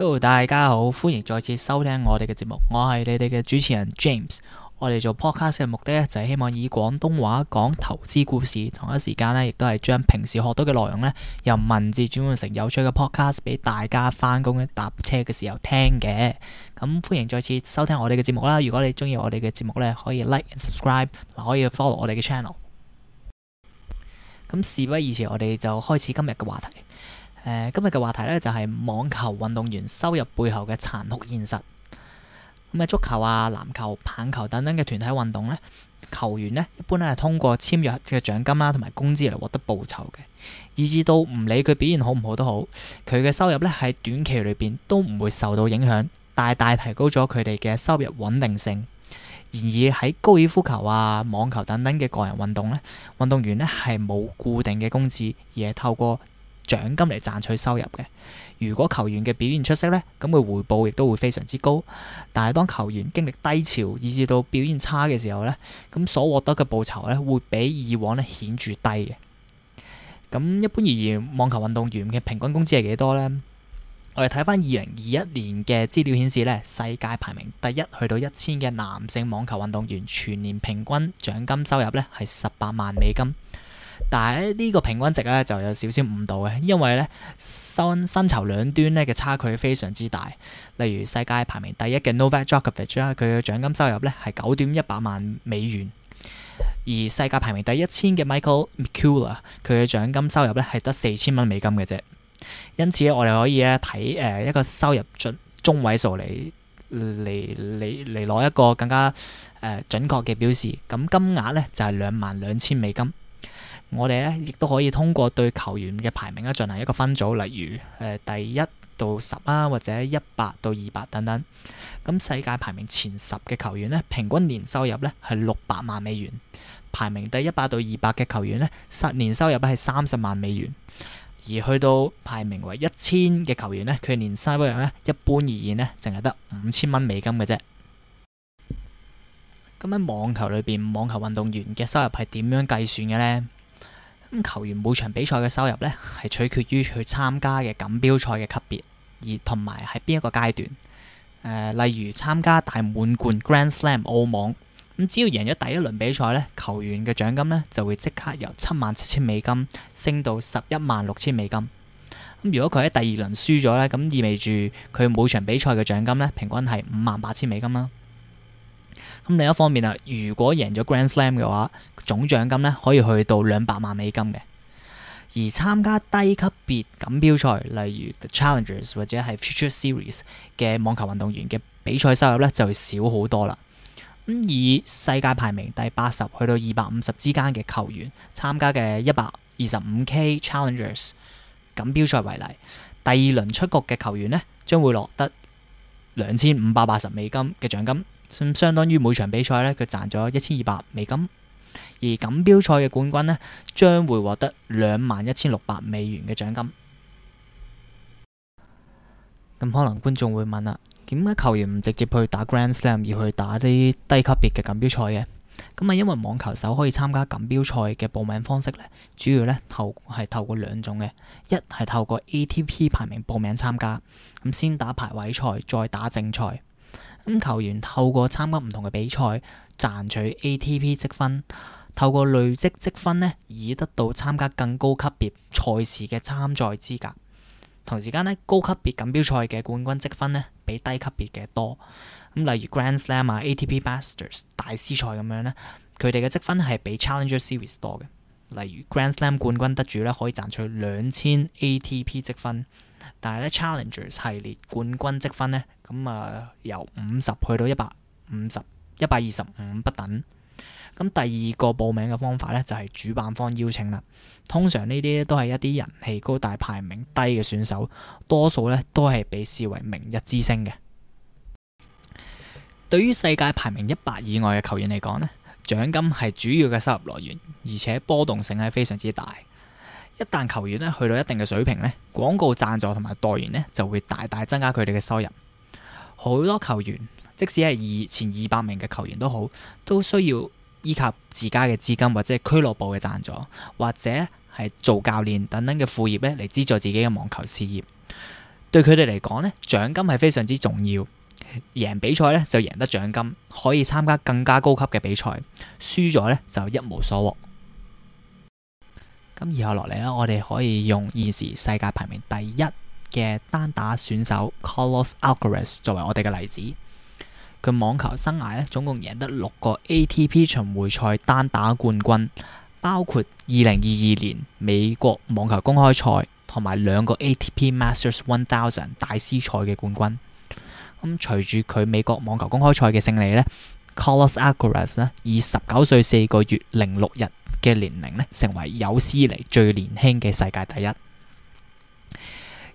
Hello 大家好，歡迎再次收聽我哋嘅節目，我係你哋嘅主持人 James。我哋做 podcast 嘅目的咧，就係希望以廣東話講投資故事，同一時間咧，亦都係將平時學到嘅內容咧，由文字轉換成有趣嘅 podcast 俾大家翻工搭車嘅時候聽嘅。咁歡迎再次收聽我哋嘅節目啦！如果你中意我哋嘅節目咧，可以 like and subscribe，可以 follow 我哋嘅 channel。咁事不宜遲，我哋就開始今日嘅話題。誒，今日嘅話題咧就係網球運動員收入背後嘅殘酷現實。咁啊，足球啊、籃球、棒球等等嘅團體運動咧，球員呢一般咧係通過簽約嘅獎金啦，同埋工資嚟獲得報酬嘅，以至到唔理佢表現好唔好都好，佢嘅收入咧喺短期裏邊都唔會受到影響，大大提高咗佢哋嘅收入穩定性。然而喺高爾夫球啊、網球等等嘅個人運動咧，運動員呢係冇固定嘅工資，而係透過。獎金嚟賺取收入嘅，如果球員嘅表現出色呢，咁佢回報亦都會非常之高。但係當球員經歷低潮，以至到表現差嘅時候呢，咁所獲得嘅報酬呢，會比以往呢顯著低嘅。咁一般而言，網球運動員嘅平均工資係幾多呢？我哋睇翻二零二一年嘅資料顯示呢，世界排名第一去到一千嘅男性網球運動員，全年平均獎金收入呢係十八萬美金。但係呢個平均值咧就有少少誤導嘅，因為咧薪薪酬兩端咧嘅差距非常之大。例如世界排名第一嘅 Novak Djokovic 啊，佢嘅獎金收入咧係九點一百萬美元；而世界排名第一千嘅 Michael McHale，佢嘅獎金收入咧係得四千蚊美金嘅啫。因此我哋可以咧睇誒一個收入中中位數嚟嚟嚟嚟攞一個更加誒、呃、準確嘅表示。咁金額咧就係兩萬兩千美金。我哋咧亦都可以通過對球員嘅排名咧進行一個分組，例如誒第一到十啊，或者一百到二百等等。咁世界排名前十嘅球員呢，平均年收入呢係六百萬美元；排名第一百到二百嘅球員呢，年收入咧係三十萬美元；而去到排名為一千嘅球員呢，佢年收入呢一般而言呢，淨係得五千蚊美金嘅啫。咁喺網球裏邊，網球運動員嘅收入係點樣計算嘅呢？咁球員每場比賽嘅收入咧，係取決於佢參加嘅錦標賽嘅級別，而同埋喺邊一個階段。誒、呃，例如參加大滿貫 Grand Slam 澳網，咁只要贏咗第一輪比賽咧，球員嘅獎金咧就會即刻由七萬七千美金升到十一萬六千美金。咁如果佢喺第二輪輸咗咧，咁意味住佢每場比賽嘅獎金咧平均係五萬八千美金啦。咁另一方面啊，如果贏咗 Grand Slam 嘅話，總獎金咧可以去到兩百萬美金嘅。而參加低級別錦標賽，例如 The Challengers 或者係 Future Series 嘅網球運動員嘅比賽收入咧，就會少好多啦。咁以世界排名第八十去到二百五十之間嘅球員參加嘅一百二十五 K Challengers 錦標賽為例，第二輪出局嘅球員咧，將會落得兩千五百八十美金嘅獎金。相當於每場比賽咧，佢賺咗一千二百美金，而錦標賽嘅冠軍咧，將會獲得兩萬一千六百美元嘅獎金。咁可能觀眾會問啦，點解球員唔直接去打 Grand Slam，而去打啲低級別嘅錦標賽嘅？咁啊，因為網球手可以參加錦標賽嘅報名方式咧，主要咧透係透過兩種嘅，一係透過 ATP 排名報名參加，咁先打排位賽，再打正賽。咁球員透過參加唔同嘅比賽賺取 ATP 積分，透過累積積分咧，以得到參加更高級別賽事嘅參賽資格。同時間咧，高級別錦標賽嘅冠軍積分咧，比低級別嘅多。咁例如 Grand Slam 啊、ATP Masters 大師賽咁樣咧，佢哋嘅積分係比 Challenger Series 多嘅。例如 Grand Slam，啊、冠軍得主咧，可以賺取兩千 ATP 積分。但係咧 Challenger 系列冠軍積分呢，咁、呃、啊由五十去到一百五十一百二十五不等。咁第二個報名嘅方法呢，就係、是、主辦方邀請啦。通常呢啲都係一啲人氣高、但、排名低嘅選手，多數呢都係被視為明日之星嘅。對於世界排名一百以外嘅球員嚟講呢，獎金係主要嘅收入來源，而且波動性係非常之大。一旦球員咧去到一定嘅水平咧，廣告贊助同埋代言咧就會大大增加佢哋嘅收入。好多球員即使係二前二百名嘅球員都好，都需要依靠自家嘅資金或者係俱樂部嘅贊助，或者係做教練等等嘅副業咧嚟資助自己嘅網球事業。對佢哋嚟講咧，獎金係非常之重要。贏比賽咧就贏得獎金，可以參加更加高級嘅比賽；輸咗咧就一無所獲。咁以後落嚟咧，我哋可以用現時世界排名第一嘅單打選手 Carlos Alcaraz 作為我哋嘅例子。佢網球生涯咧總共贏得六個 ATP 巡回賽單打冠軍，包括2022年美國網球公開賽同埋兩個 ATP Masters 1000大師賽嘅冠軍。咁隨住佢美國網球公開賽嘅勝利咧 Carlos Alcaraz 咧以十九歲四個月零六日。嘅年齡咧，成為有史以嚟最年輕嘅世界第一。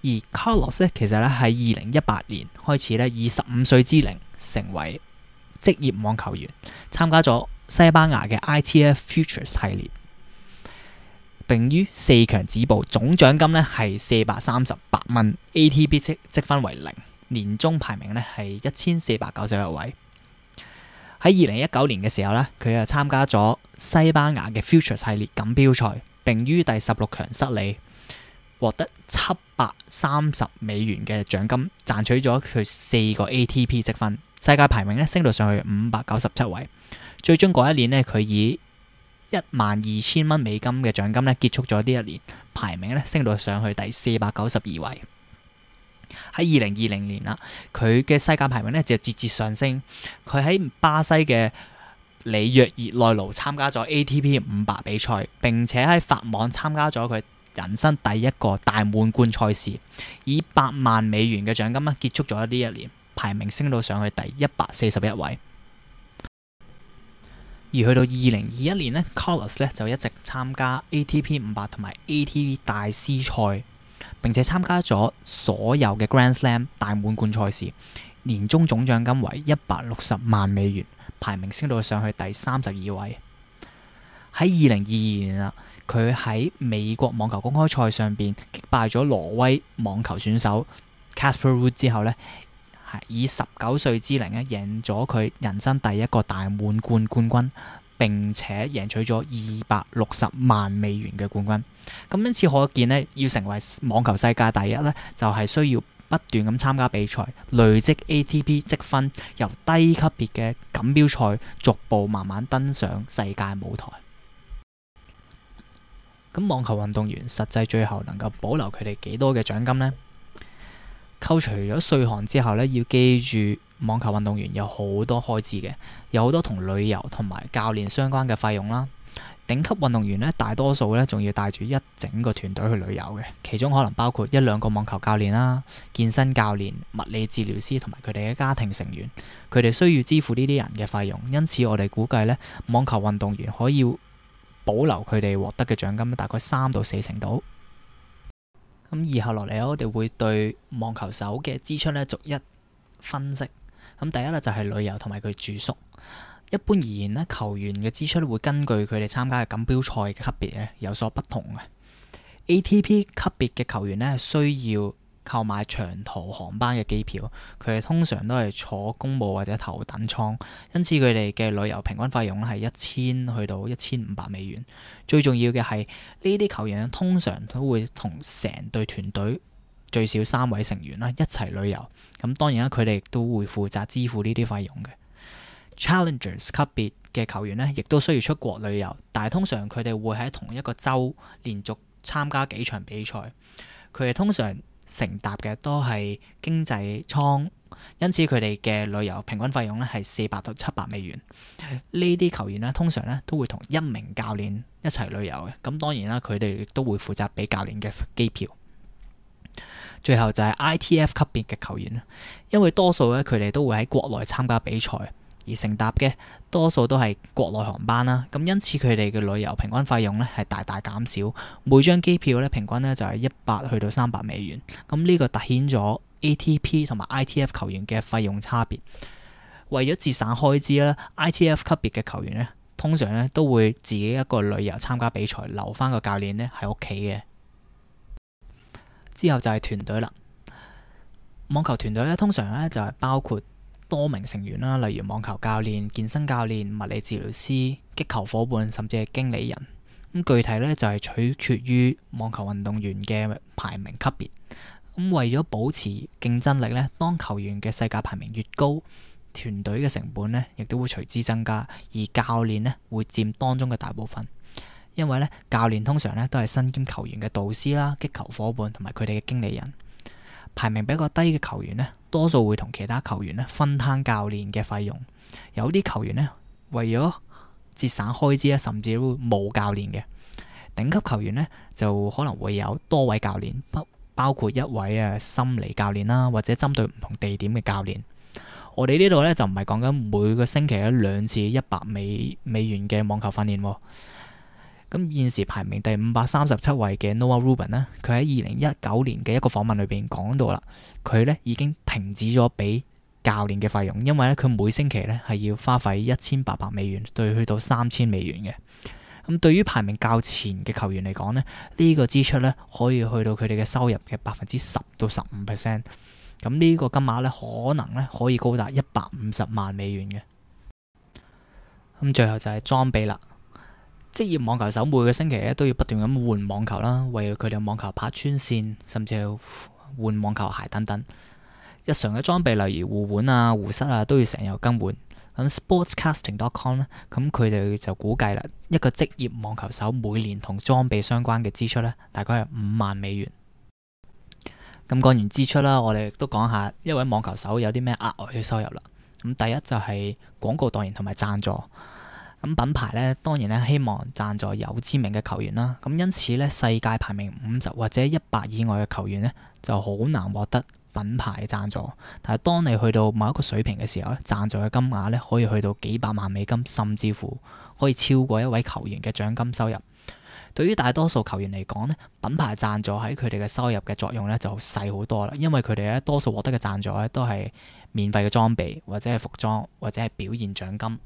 而卡洛斯咧，其實咧喺二零一八年開始咧，十五歲之齡成為職業網球員，參加咗西班牙嘅 ITF Futures 系列，并於四強止步，總獎金咧係四百三十八蚊，ATP 積積分為零，年終排名咧係一千四百九十一位。喺二零一九年嘅時候咧，佢又參加咗西班牙嘅 Future 系列錦標賽，并於第十六強失利，獲得七百三十美元嘅獎金，賺取咗佢四個 ATP 積分，世界排名咧升到上去五百九十七位。最終嗰一年呢，佢以一萬二千蚊美金的獎金嘅獎金咧結束咗呢一年，排名咧升到上去第四百九十二位。喺二零二零年啦，佢嘅世界排名咧就節節上升。佢喺巴西嘅里約熱內盧參加咗 ATP 五百比賽，並且喺法網參加咗佢人生第一個大滿貫賽事，以八萬美元嘅獎金啊結束咗呢一年，排名升到上去第一百四十一位。而去到二零二一年呢 Carlos 咧就一直參加 ATP 五百同埋 ATP 大師賽。並且參加咗所有嘅 Grand Slam 大滿貫賽事，年終總獎金為一百六十萬美元，排名升到上去第三十二位。喺二零二二年啦，佢喺美國網球公開賽上邊擊敗咗挪威網球選手 Casper Ruud 之後呢，係以十九歲之齡咧贏咗佢人生第一個大滿貫冠軍。並且贏取咗二百六十萬美元嘅冠軍，咁因此可見呢要成為網球世界第一呢，就係需要不斷咁參加比賽，累積 ATP 積分，由低級別嘅錦標賽逐步慢慢登上世界舞台。咁網球運動員實際最後能夠保留佢哋幾多嘅獎金呢？扣除咗稅項之後咧，要記住網球運動員有好多開支嘅，有好多同旅遊同埋教練相關嘅費用啦。頂級運動員咧，大多數咧仲要帶住一整個團隊去旅遊嘅，其中可能包括一兩個網球教練啦、健身教練、物理治療師同埋佢哋嘅家庭成員，佢哋需要支付呢啲人嘅費用。因此，我哋估計咧，網球運動員可以保留佢哋獲得嘅獎金大概三到四成度。咁而後落嚟咧，我哋會對網球手嘅支出咧逐一分析。咁第一咧就係旅遊同埋佢住宿。一般而言咧，球員嘅支出會根據佢哋參加嘅錦標賽嘅級別咧有所不同嘅。ATP 級別嘅球員咧需要購買長途航班嘅機票，佢哋通常都係坐公務或者頭等艙，因此佢哋嘅旅遊平均費用咧係一千去到一千五百美元。最重要嘅係呢啲球員通常都會同成隊團隊最少三位成員啦一齊旅遊，咁當然啦，佢哋都會負責支付呢啲費用嘅。Challengers 級別嘅球員呢，亦都需要出國旅遊，但係通常佢哋會喺同一個州連續參加幾場比賽，佢哋通常。乘搭嘅都係經濟艙，因此佢哋嘅旅遊平均費用咧係四百到七百美元。呢啲球員咧通常咧都會同一名教練一齊旅遊嘅，咁當然啦，佢哋都會負責俾教練嘅機票。最後就係 ITF 級別嘅球員，因為多數咧佢哋都會喺國內參加比賽。而乘搭嘅多數都係國內航班啦，咁因此佢哋嘅旅遊平均費用呢係大大減少，每張機票呢，平均呢就係一百去到三百美元。咁呢個凸顯咗 ATP 同埋 ITF 球員嘅費用差別。為咗節省開支啦 ，ITF 級別嘅球員呢，通常呢都會自己一個旅遊參加比賽，留翻個教練呢喺屋企嘅。之後就係團隊啦。網球團隊呢，通常呢就係包括，多名成員啦，例如網球教練、健身教練、物理治療師、擊球夥伴，甚至係經理人。咁具體咧，就係取決於網球運動員嘅排名級別。咁為咗保持競爭力咧，當球員嘅世界排名越高，團隊嘅成本咧亦都會隨之增加，而教練咧會佔當中嘅大部分。因為咧，教練通常咧都係身兼球員嘅導師啦、擊球夥伴同埋佢哋嘅經理人。排名比較低嘅球員呢，多數會同其他球員分攤教練嘅費用。有啲球員呢，為咗節省開支，甚至都冇教練嘅。頂級球員呢，就可能會有多位教練，包括一位啊心理教練啦，或者針對唔同地點嘅教練。我哋呢度呢，就唔係講緊每個星期呢兩次一百美美元嘅網球訓練。咁現時排名第五百三十七位嘅 Noah Rubin 咧，佢喺二零一九年嘅一個訪問裏邊講到啦，佢咧已經停止咗俾教練嘅費用，因為咧佢每星期咧係要花費一千八百美元，對去到三千美元嘅。咁對於排名較前嘅球員嚟講呢，呢個支出咧可以去到佢哋嘅收入嘅百分之十到十五 percent。咁呢個金額咧可能咧可以高達一百五十萬美元嘅。咁最後就係裝備啦。職業網球手每個星期咧都要不斷咁換網球啦，為佢哋網球拍穿線，甚至係換網球鞋等等。日常嘅裝備例如護腕啊、護膝啊，都要成日有更換。咁 Sportscasting.com 咧，咁佢哋就估計啦，一個職業網球手每年同裝備相關嘅支出咧，大概係五萬美元。咁講完支出啦，我哋都講下一位網球手有啲咩額外嘅收入啦。咁第一就係廣告代言同埋贊助。咁品牌咧，當然咧希望贊助有知名嘅球員啦。咁因此咧，世界排名五十或者一百以外嘅球員咧，就好難獲得品牌嘅贊助。但係當你去到某一個水平嘅時候咧，贊助嘅金額咧可以去到幾百萬美金，甚至乎可以超過一位球員嘅獎金收入。對於大多數球員嚟講咧，品牌贊助喺佢哋嘅收入嘅作用咧就細好多啦，因為佢哋咧多數獲得嘅贊助咧都係免費嘅裝備或者係服裝或者係表現獎金。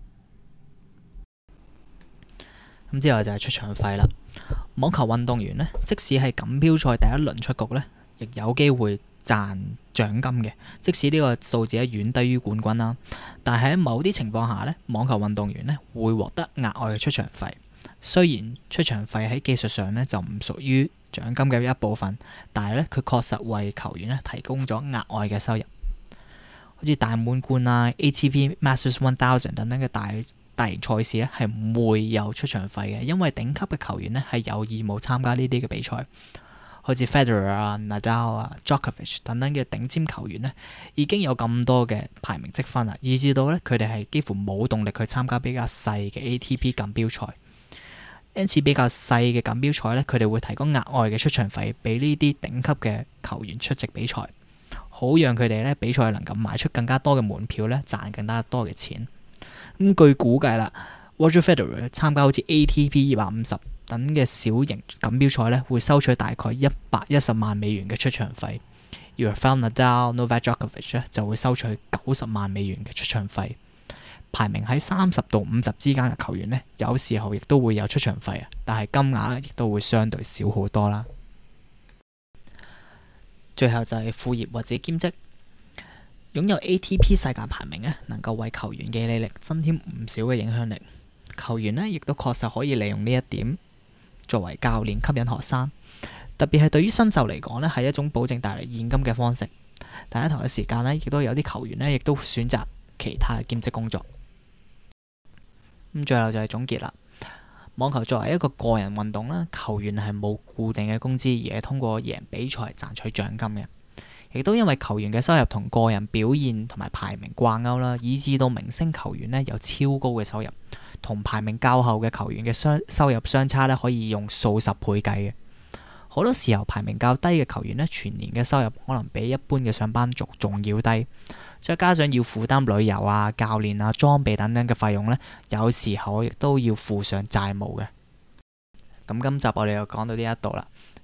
咁之後就係出場費啦。網球運動員呢，即使係錦標賽第一輪出局呢，亦有機會賺獎金嘅。即使呢個數字遠低於冠軍啦，但係喺某啲情況下呢，網球運動員呢會獲得額外嘅出場費。雖然出場費喺技術上呢就唔屬於獎金嘅一部分，但係呢，佢確實為球員呢提供咗額外嘅收入，好似大滿貫啊、ATP Masters One Thousand 等等嘅大。大型賽事咧係唔會有出場費嘅，因為頂級嘅球員咧係有義務參加呢啲嘅比賽，好似 Federer 啊、Nadal 啊、Djokovic 等等嘅頂尖球員呢已經有咁多嘅排名積分啦，以至到呢，佢哋係幾乎冇動力去參加比較細嘅 ATP 錦標賽。因此比較細嘅錦標賽呢，佢哋會提供額外嘅出場費俾呢啲頂級嘅球員出席比賽，好讓佢哋呢比賽能夠賣出更加多嘅門票呢，賺更加多嘅錢。咁據估計啦，Roger Federer 參加好似 ATP 二百五十等嘅小型錦標賽咧，會收取大概一百一十萬美元嘅出場費，而 Rafael Nadal、Novak Djokovic 就會收取九十萬美元嘅出場費。排名喺三十到五十之間嘅球員呢，有時候亦都會有出場費啊，但係金額亦都會相對少好多啦。最後就係副業或者兼職。擁有 ATP 世界排名咧，能夠為球員嘅履歷增添唔少嘅影響力。球員咧，亦都確實可以利用呢一點作為教練吸引學生，特別係對於新秀嚟講咧，係一種保證帶嚟現金嘅方式。但係同一時間咧，亦都有啲球員咧，亦都選擇其他嘅兼職工作。咁、嗯、最後就係總結啦，網球作為一個個人運動啦，球員係冇固定嘅工資，而係通過贏比賽賺取獎金嘅。亦都因為球員嘅收入同個人表現同埋排名掛鈎啦，以致到明星球員呢有超高嘅收入，同排名較後嘅球員嘅相收入相差呢可以用數十倍計嘅。好多時候排名較低嘅球員呢，全年嘅收入可能比一般嘅上班族仲要低。所以加上要負擔旅遊啊、教練啊、裝備等等嘅費用呢，有時候亦都要負上債務嘅。咁今集我哋就講到呢一度啦。